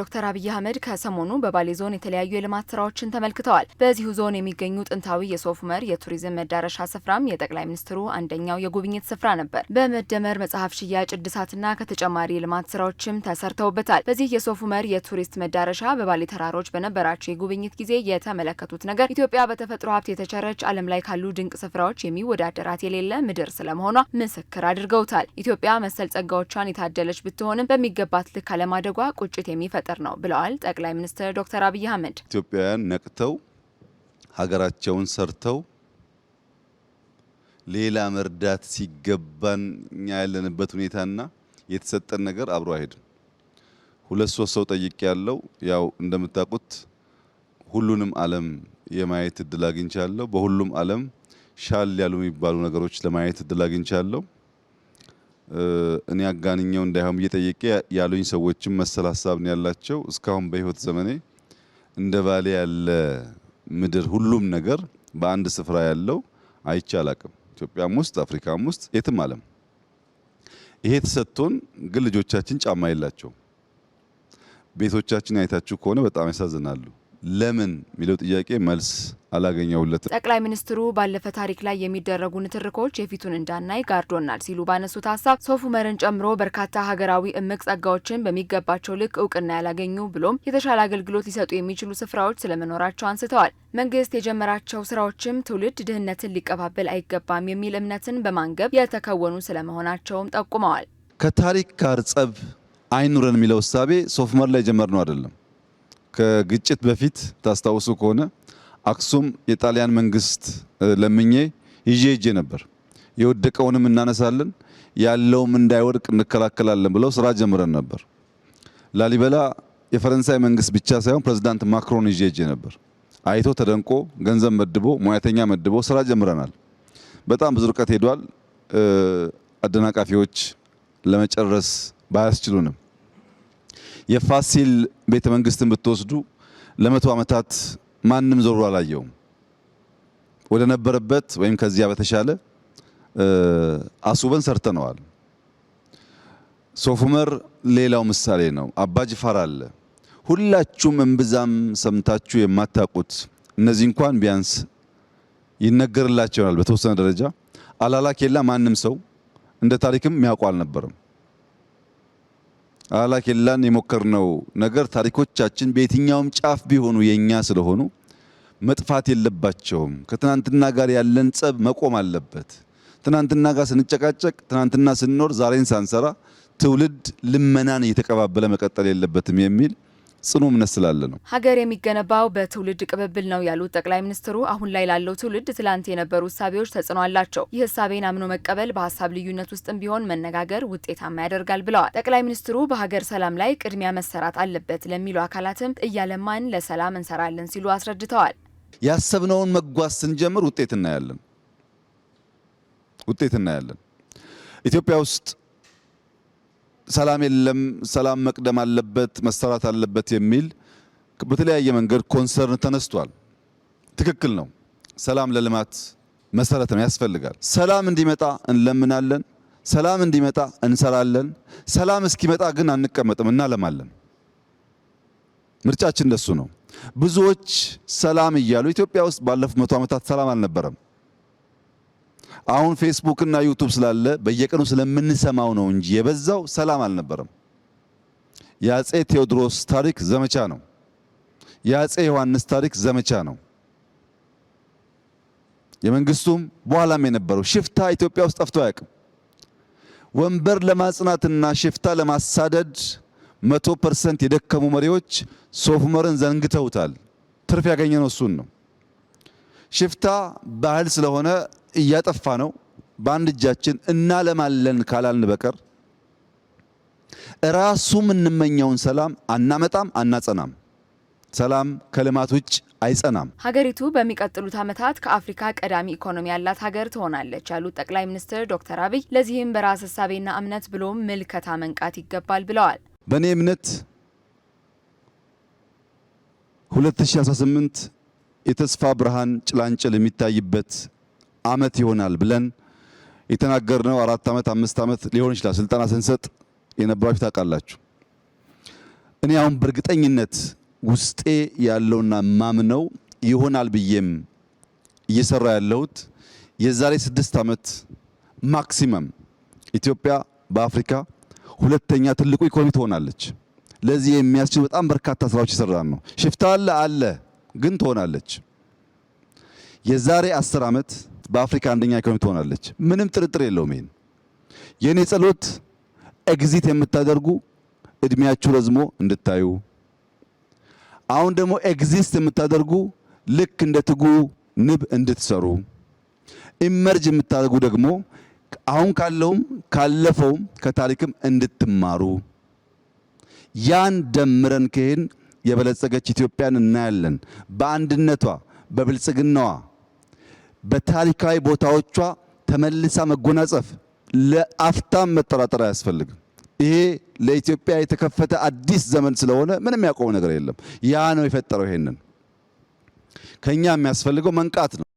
ዶክተር አብይ አህመድ ከሰሞኑ በባሌ ዞን የተለያዩ የልማት ስራዎችን ተመልክተዋል። በዚሁ ዞን የሚገኙ ጥንታዊ የሶፍ ዑመር የቱሪዝም መዳረሻ ስፍራም የጠቅላይ ሚኒስትሩ አንደኛው የጉብኝት ስፍራ ነበር። በመደመር መጽሐፍ ሽያጭ እድሳትና ከተጨማሪ የልማት ስራዎችም ተሰርተውበታል። በዚህ የሶፍ ዑመር የቱሪስት መዳረሻ በባሌ ተራሮች በነበራቸው የጉብኝት ጊዜ የተመለከቱት ነገር ኢትዮጵያ በተፈጥሮ ሀብት የተቸረች ዓለም ላይ ካሉ ድንቅ ስፍራዎች የሚወዳደራት የሌለ ምድር ስለመሆኗ ምስክር አድርገውታል። ኢትዮጵያ መሰል ጸጋዎቿን የታደለች ብትሆንም በሚገባት ልክ አለማደጓ ቁጭት የሚ እንዲፈጠር ነው ብለዋል ጠቅላይ ሚኒስትር ዶክተር አብይ አህመድ። ኢትዮጵያውያን ነቅተው ሀገራቸውን ሰርተው ሌላ መርዳት ሲገባን እኛ ያለንበት ሁኔታና የተሰጠን ነገር አብሮ አይሄድም። ሁለት ሶስት ሰው ጠይቅ ያለው ያው እንደምታውቁት ሁሉንም ዓለም የማየት እድል አግኝቻለሁ። በሁሉም ዓለም ሻል ያሉ የሚባሉ ነገሮች ለማየት እድል አግኝቻለሁ። እኔ አጋንኛው እንዳይሆን ብዬ ጠይቄ ያሉኝ ሰዎችም መሰል ሀሳብ ነው ያላቸው። እስካሁን በህይወት ዘመኔ እንደ ባሌ ያለ ምድር ሁሉም ነገር በአንድ ስፍራ ያለው አይቼ አላቅም። ኢትዮጵያም ውስጥ አፍሪካም ውስጥ የትም ዓለም ይሄ ተሰጥቶን ግን ልጆቻችን ጫማ የላቸውም። ቤቶቻችን አይታችሁ ከሆነ በጣም ያሳዝናሉ። ለምን የሚለው ጥያቄ መልስ አላገኘውለት። ጠቅላይ ሚኒስትሩ ባለፈ ታሪክ ላይ የሚደረጉ ንትርኮች የፊቱን እንዳናይ ጋርዶናል ሲሉ ባነሱት ሀሳብ ሶፍ ዑመርን ጨምሮ በርካታ ሀገራዊ እምቅ ጸጋዎችን በሚገባቸው ልክ እውቅና ያላገኙ ብሎም የተሻለ አገልግሎት ሊሰጡ የሚችሉ ስፍራዎች ስለመኖራቸው አንስተዋል። መንግስት የጀመራቸው ስራዎችም ትውልድ ድህነትን ሊቀባበል አይገባም የሚል እምነትን በማንገብ የተከወኑ ስለመሆናቸውም ጠቁመዋል። ከታሪክ ጋር ጸብ አይኑረን የሚለው እሳቤ ሶፍ ዑመር ላይ ነው አይደለም። ከግጭት በፊት ታስታውሱ ከሆነ አክሱም የጣሊያን መንግስት ለምኜ ይዤ ይዤ ነበር። የወደቀውንም እናነሳለን ያለውም እንዳይወድቅ እንከላከላለን ብለው ስራ ጀምረን ነበር። ላሊበላ የፈረንሳይ መንግስት ብቻ ሳይሆን ፕሬዚዳንት ማክሮን ይዤ ይዤ ነበር። አይቶ ተደንቆ ገንዘብ መድቦ ሙያተኛ መድቦ ስራ ጀምረናል። በጣም ብዙ ርቀት ሄዷል። አደናቃፊዎች ለመጨረስ ባያስችሉንም የፋሲል ቤተ መንግስትን ብትወስዱ ለመቶ ዓመታት ማንም ዞሮ አላየውም። ወደ ነበረበት ወይም ከዚያ በተሻለ አስውበን ሰርተነዋል። ሶፍ ሌላው ምሳሌ ነው። አባ ጅፋር አለ። ሁላችሁም እምብዛም ሰምታችሁ የማታውቁት እነዚህ እንኳን ቢያንስ ይነገርላቸዋል በተወሰነ ደረጃ። አላላ ኬላ ማንም ሰው እንደ ታሪክም የሚያውቀው አልነበርም። አላኬላን የሞከርነው ነገር ታሪኮቻችን በየትኛውም ጫፍ ቢሆኑ የኛ ስለሆኑ መጥፋት የለባቸውም። ከትናንትና ጋር ያለን ጸብ መቆም አለበት። ትናንትና ጋር ስንጨቃጨቅ፣ ትናንትና ስንኖር፣ ዛሬን ሳንሰራ ትውልድ ልመናን እየተቀባበለ መቀጠል የለበትም የሚል ጽኑ እምነት ስላለ ነው። ሀገር የሚገነባው በትውልድ ቅብብል ነው ያሉት ጠቅላይ ሚኒስትሩ አሁን ላይ ላለው ትውልድ ትላንት የነበሩ እሳቤዎች ተጽዕኖ አላቸው። ይህ እሳቤን አምኖ መቀበል፣ በሀሳብ ልዩነት ውስጥም ቢሆን መነጋገር ውጤታማ ያደርጋል ብለዋል። ጠቅላይ ሚኒስትሩ በሀገር ሰላም ላይ ቅድሚያ መሰራት አለበት ለሚሉ አካላትም እያለማን ለሰላም እንሰራለን ሲሉ አስረድተዋል። ያሰብነውን መጓዝ ስንጀምር ውጤት እናያለን ውጤት እናያለን ኢትዮጵያ ውስጥ ሰላም የለም፣ ሰላም መቅደም አለበት፣ መሰራት አለበት የሚል በተለያየ መንገድ ኮንሰርን ተነስቷል። ትክክል ነው። ሰላም ለልማት መሰረት ነው፣ ያስፈልጋል። ሰላም እንዲመጣ እንለምናለን፣ ሰላም እንዲመጣ እንሰራለን። ሰላም እስኪመጣ ግን አንቀመጥም፣ እናለማለን። ምርጫችን እንደሱ ነው። ብዙዎች ሰላም እያሉ ኢትዮጵያ ውስጥ ባለፉት መቶ ዓመታት ሰላም አልነበረም። አሁን ፌስቡክ እና ዩቱብ ስላለ በየቀኑ ስለምንሰማው ነው እንጂ የበዛው ሰላም አልነበረም። የአጼ ቴዎድሮስ ታሪክ ዘመቻ ነው። የአጼ ዮሐንስ ታሪክ ዘመቻ ነው። የመንግስቱም በኋላም የነበረው ሽፍታ ኢትዮጵያ ውስጥ ጠፍቶ አያውቅም። ወንበር ለማጽናትና ሽፍታ ለማሳደድ መቶ ፐርሰንት የደከሙ መሪዎች ሶፍ ዑመርን ዘንግተውታል። ትርፍ ያገኘነው እሱን ነው። ሽፍታ ባህል ስለሆነ እያጠፋ ነው። በአንድ እጃችን እናለማለን ካላልን በቀር ራሱ የምንመኘውን ሰላም አናመጣም፣ አናጸናም። ሰላም ከልማት ውጭ አይጸናም። ሀገሪቱ በሚቀጥሉት ዓመታት ከአፍሪካ ቀዳሚ ኢኮኖሚ ያላት ሀገር ትሆናለች ያሉት ጠቅላይ ሚኒስትር ዶክተር አብይ ለዚህም በራስ ሕሳቤና እምነት ብሎም ምልከታ መንቃት ይገባል ብለዋል። በእኔ እምነት 2018 የተስፋ ብርሃን ጭላንጭል የሚታይበት አመት ይሆናል ብለን የተናገርነው አራት ዓመት አምስት ዓመት ሊሆን ይችላል። ስልጠና ስንሰጥ የነበራችሁ ታውቃላችሁ። እኔ አሁን በእርግጠኝነት ውስጤ ያለውና ማምነው ይሆናል ብዬም እየሰራ ያለሁት የዛሬ ስድስት ዓመት ማክሲመም ኢትዮጵያ በአፍሪካ ሁለተኛ ትልቁ ኢኮኖሚ ትሆናለች። ለዚህ የሚያስችሉ በጣም በርካታ ስራዎች የሰራን ነው። ሽፍታ አለ አለ፣ ግን ትሆናለች። የዛሬ አስር ዓመት በአፍሪካ አንደኛ ኢኮኖሚ ትሆናለች። ምንም ጥርጥር የለውም። ይሄን የእኔ ጸሎት ኤግዚት የምታደርጉ እድሜያችሁ ረዝሞ እንድታዩ፣ አሁን ደግሞ ኤግዚስት የምታደርጉ ልክ እንደ ትጉ ንብ እንድትሰሩ፣ ኢመርጅ የምታደርጉ ደግሞ አሁን ካለውም ካለፈውም ከታሪክም እንድትማሩ ያን ደምረን ከሄን የበለጸገች ኢትዮጵያን እናያለን። በአንድነቷ በብልጽግናዋ በታሪካዊ ቦታዎቿ ተመልሳ መጎናጸፍ ለአፍታም መጠራጠር አያስፈልግም። ይሄ ለኢትዮጵያ የተከፈተ አዲስ ዘመን ስለሆነ ምንም ያቆመው ነገር የለም። ያ ነው የፈጠረው። ይሄንን ከኛ የሚያስፈልገው መንቃት ነው።